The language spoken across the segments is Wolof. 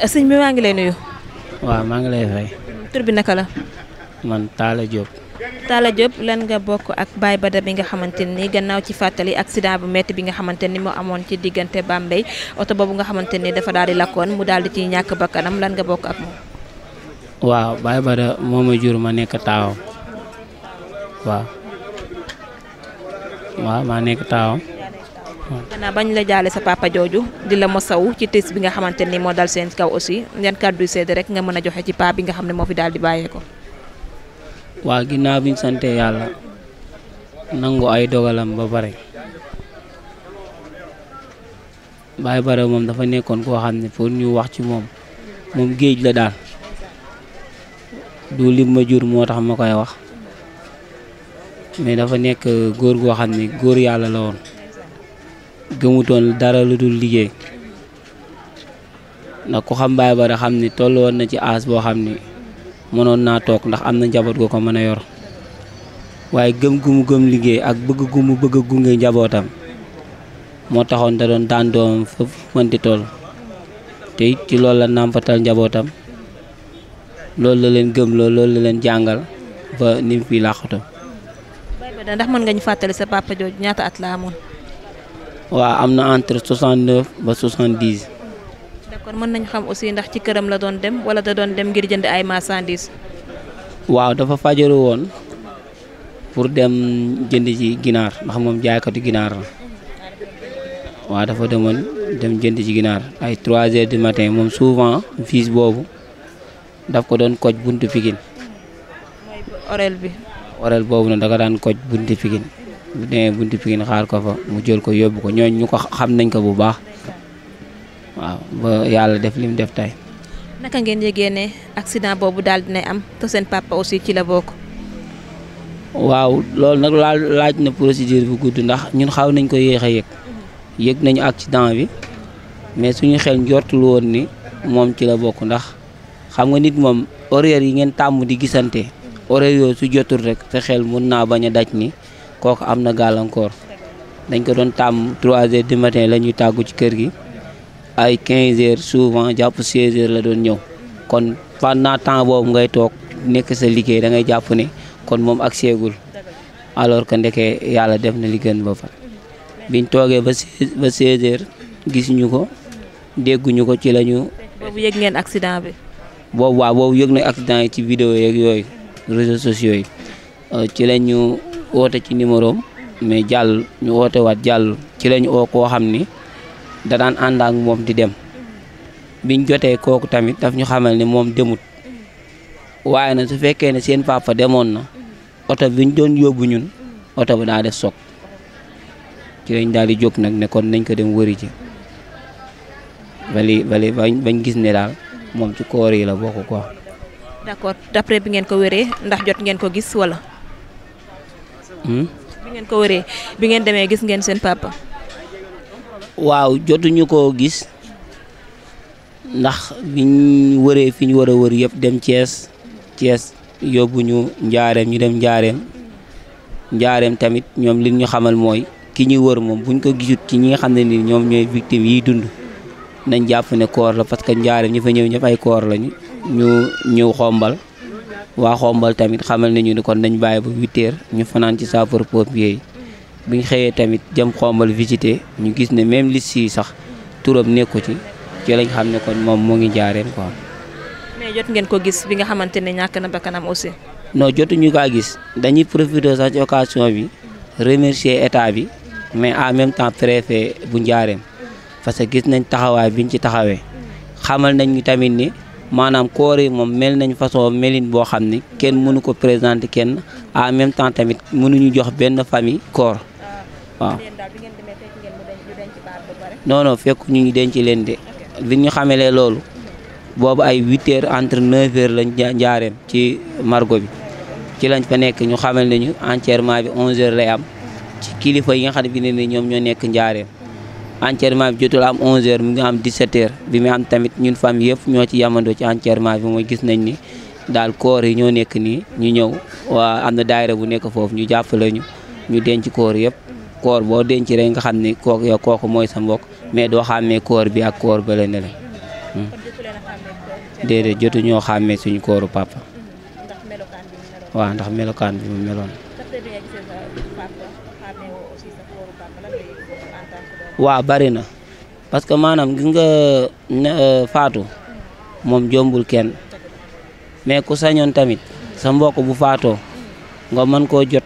sëñ bi maa ngi lay nuyu. waaw maa ngi lay tur bi naka la. man Talla Diop. Talla Diop lan nga bokk ak Baye Bada bi nga xamante ni gannaaw ci fàttali accident bu metti bi nga xamante ni moo amoon ci diggante Bambey oto boobu nga xamante ni dafa daal di lakkoon mu daal di ciy ñàkk bakkanam lan nga bokk ak moom. waaw Baye Bada moo ma jur ma nekk taawam waaw waaw maa nekk taawam. gannaaw bañ la jaale sa papa jooju di la mosaw ci tiis bi nga xamante ni moo dal seen kaw aussi yan kàddu seede rek nga mën a joxe ci paa bi nga xam ne moo fi daal di bàyyee ko waa ginnaaw bi ñu ay dogalam ba bari Baye Bara moom dafa nekkoon koo xam ne pour ñu wax ci moom moom géej la daal du lim ma jur moo tax ma koy wax mais dafa nekk góor goo xam ne góor yàlla la woon gëmutoon dara lu dul liggéey ndax ku xam Baye Bara xam ni toll woon na ci as boo xam ni mënoon naa toog ndax am na njaboot gu ko mën a yor waaye gëm gu mu gëm liggéey ak bëgg gu mu bëgg gunge njabootam moo taxoon da doon daan doomam fa mënti toll te it ci loolu la nàmpatal njabootam loolu la leen gëm loolu la leen jàngal ba ni fi làqatu. ndax mën nga ñu fàttali sa papa jooju ñaata at la amoon. waaw am na entre 69 ba 70. d'accord mën nañu xam aussi ndax ci këram la doon dem wala da doon dem ngir jënd ay marchandises. waaw dafa fajaru woon pour dem jënd ci ginaar ndax moom jaaykatu ginaar la waaw dafa demoon dem jënd ci ginaar ay 3 heures du matin moom souvent fils boobu daf ko doon koj bunt Pikine. orel bi. orel boobu nag da daan koj buntu Pikine. bu demee buntu Pikine xaar ko fa mu jël ko yóbbu ko ñooñ ñu ko xam nañ ko bu baax waaw ba yàlla def li mu def tey. naka ngeen yëgee ne accident boobu daal dinay am te seen papa aussi ci la bokk. waaw loolu nag laaj laaj na procédure bu gudd ndax ñun xaw nañ ko yéex a yëg yëg nañu accident bi mais suñu xel njortul woon ni moom ci la bokk ndax xam nga nit moom horaire yi ngeen tàmm di gisante horaire yooyu su jotul rek sa xel mun naa bañ a daj ni kooku am na gàllankoor dañ ko doon tàmm 3 heures du matin la ñuy tàggu ci kër gi ay 15 heures souvent jàpp 16 la doon ñëw kon pendant temps boobu ngay toog nekk sa liggéey da ngay jàpp ne kon moom ak seegul alors que ndeke yàlla def na li gën ba fa biñ toogee ba ba 16 heures gisuñu ko dégguñu ko ci lañu boobu yëg ngeen accident bi. boobu waaw boobu yëg na accident yi ci vidéo yeeg yooyu réseaux sociaux yi euh, ci lañu woote ci numéro mais jàll ñu woote wat jàll ci lañu oo koo xam ni da daan ànd ak moom di dem biñ jotee kooku tamit daf ñu xamal ne moom demut waaye na su fekkee ne seen papa demoon na oto biñ doon yóbbu ñun oto ba daa def soog ci lañ daal di jóg nag nekkoon nañ ko dem wëri ci bali bali bañ gis ne daal moom ci koor yi la bokk quoi. ngeen ko wéree gis wala. Hmm? bi ngeen ko wëree bi ngeen demee gis ngeen seen papa. waaw jotuñu koo gis ndax bi wëree fi ñu war wër yëpp dem cees Thiès yóbbuñu njaareem ñu dem njaareem njaareem tamit ñoom li ñu xamal mooy ki ñuy wër moom bu buñ ko gisut ci ñi nga xam ne nii ñoom ñooy victime yiy dund nañ jàpp ne koor la parce que njaareem ñu fa ñëw ñëpp ay koor lañu ñu ñëw xombal waa xombal tamit xamal nañu ni kon nañ bàyyi ba huit heures ñu fanaan ci sapeur pompier yi bi ñu xëyee tamit jëm xombal visiter ñu gis ne même liste yi sax turam nekku ci ci lañ xam ne kon moom mu ngi jaareem quoi. mais jot ngeen ko gis bi nga xamante ne ñàkk na bakkanam aussi. non jotuñu kaa gis dañuy profiter sax ci occasion bi remercier état bi mais en même temps préfet bu njaareem parce que gis nañ taxawaay biñ ci taxawee xamal nañ tamit ni. maanaam koor yi moom mel nañu façon melin boo xam ni kenn mënu ko présenter kenn en même temps tamit mënuñu jox benn famille koor ah. waaw non fekk ñu ngi denc leen de bi ñu xamelee loolu boobu ay huit entre neuf heures lañ njaareem ci margo bi ci lañ fa nekk ñu xamal nañu entièrement bi onze heures lay am ci kilifa yi nga xam ne bi ne ñoom ñoo nekk njaareem enterrement bi jotul am 11h mu ngi am 17 bi mu am tamit ñun famille yëpp ñoo ci yamandoo ci enterrement bi mooy gis nañ ni daal koor yi ñoo nekk nii ñu ñëw waa am na daayira bu nekk foofu ñu jàppale ñu ñu denc koor yëpp koor boo denc rek nga xam ni kooku yow kooku mooy sa mbokk mais doo xàmmee koor bi ak koor ba ne la hmm. déedéet jotu ñoo xàmmee suñu kooru papa waaw ndax melokaan bi mu meloon waaw bari na parce que maanaam gi nga euh, faatu moom jombul kenn mais ku sañoon tamit sa mbokk bu faatoo nga mën koo jot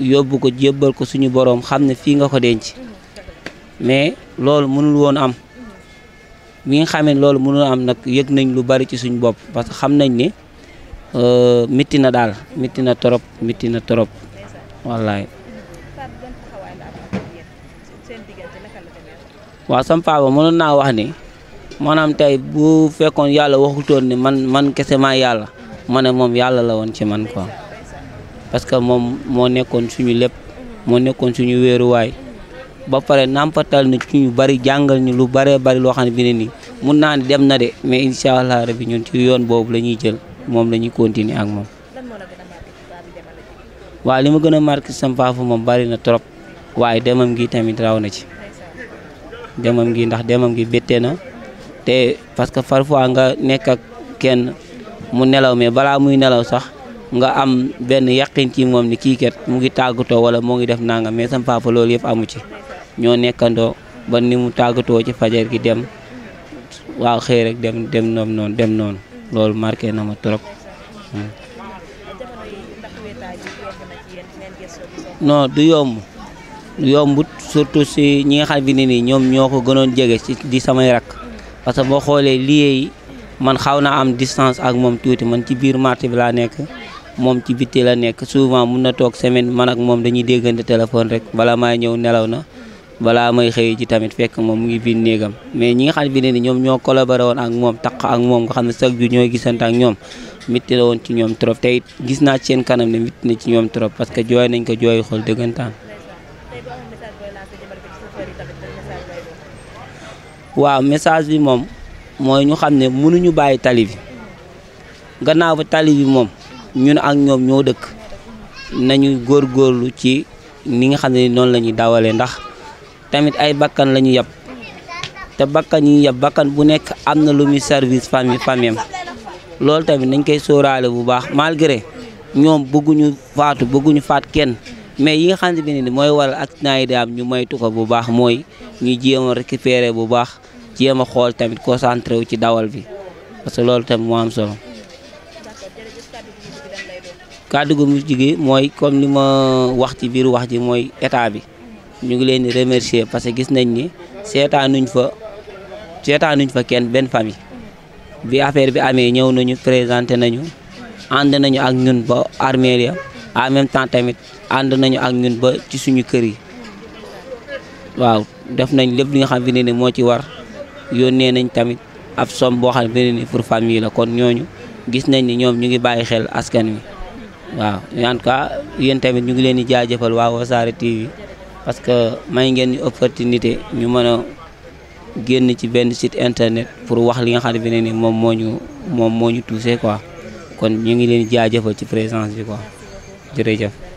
yóbbu ko jébbal ko suñu boroom xam ne fii nga ko denc mais loolu mënul woon am bi nga xamee loolu mënul am nag yëg nañ lu bari ci suñu bopp parce que xam nañ ne Euh, mitti na daal mitti na trop mitti na trop wallaay. waaw sama papa mënoon naa wax ni maanaam tey bu fekkoon yàlla waxutoon ni man man kese maa yàlla ma ne moom yàlla la woon ci man quoi parce que moom moo nekkoon suñu lépp moo nekkoon suñu weeruwaay ba pare nampatal na ci ñu bari jàngal ñu lu baree bari loo xam ne bi ne nii mun naan dem na de mais incha allah rabi ñun ci yoon boobu la ñuy jël. moom la ñuy ak moom. waaw li ma gën a marqué sampaafu moom bari na trop waaye demam gi tamit raw na ci demam gi ndax demam gi bette na te parce que parfois nga nekk ak kenn mu nelaw mais balaa muy nelaw sax nga am benn yàqin ci moom ni kii kat mu ngi tàggatoo wala moo ngi def nangam mais sam loolu yëpp amu ci ñoo nekkandoo ba ni mu tàggatoo ci fajar gi dem waaw xëy rek dem dem noonu noonu dem noonu. loolu marqué na ma trop. Hmm. non du yomb du yombut surtout si ñi nga xam ne nii ñoom ñoo ko gënoon jege ci di samay rak parce que boo xoolee liggéey yi man xaw na am distance ak moom tuuti man ci biir marché bi laa nekk moom ci bitti la nekk souvent mun na toog semaine man ak moom dañuy déggante téléphone rek bala maay ñëw nelaw na. balaa may xëyee ji tamit fekk moom mu ngi biir néegam mais ñi nga xam ne bi ne ni ñoom ñoo collaboré woon ak moom taq ak moom nga xam ne chaque jour ñooy gisante ak ñoom métti woon ci ñoom trop te gis naa ci seen kanam ne métti ci ñoom trop parce que jooy nañ ko jooy xool dëggantaan waaw message bi moom mooy ñu xam ne mënuñu bàyyi tali bi gannaaw ba tali bi moom ñun ak ñoom ñoo dëkk nañu góorlu ci ni nga xam ne noonu la ñuy dawalee ndax tamit ay bakkan lañu ñu yab te bakkan yi ñu yab bakkan bu nekk am na lu muy service loolu tamit dañ koy sóoraale bu baax malgré ñoom bëgguñu faatu bëgguñu faat kenn mais yi nga xam ne ni mooy waral ak yi di am ñu moytu ko bu baax mooy ñu jéem a récupérer bu baax jéem a xool tamit concentré wu ci dawal bi parce que loolu tamit moo am solo kàddu gu mujj gi mooy comme li ma wax ci biir wax ji mooy état bi ñu ngi leen di remercier parce que gis nañ ni seetaan seetaanuñ fa seetaanuñ fa kenn benn famille bi affaire bi amee ñëw nañu présenté nañu ànd nañu ak ñun ba armée ya en même temps tamit ànd nañu ak ñun ba ci suñu kër yi waaw def nañ lépp li xam bi ne ni moo ci war yónnee nañ tamit ab somme boo xam ne ni pour famille la kon ñooñu gis nañ ni ñoom ñu ngi bàyyi xel askan wi waaw en tout cas tamit ñu ngi leen di jaajëfal waa Wassare TV parce que may ngeen ñu opportunité ñu mën a génn ci benn site internet pour wax li nga xam ne bi ne moom moo ñu moom moo ñu touché quoi kon ñu ngi leen jaajëfal ci présence bi koi jërëjëf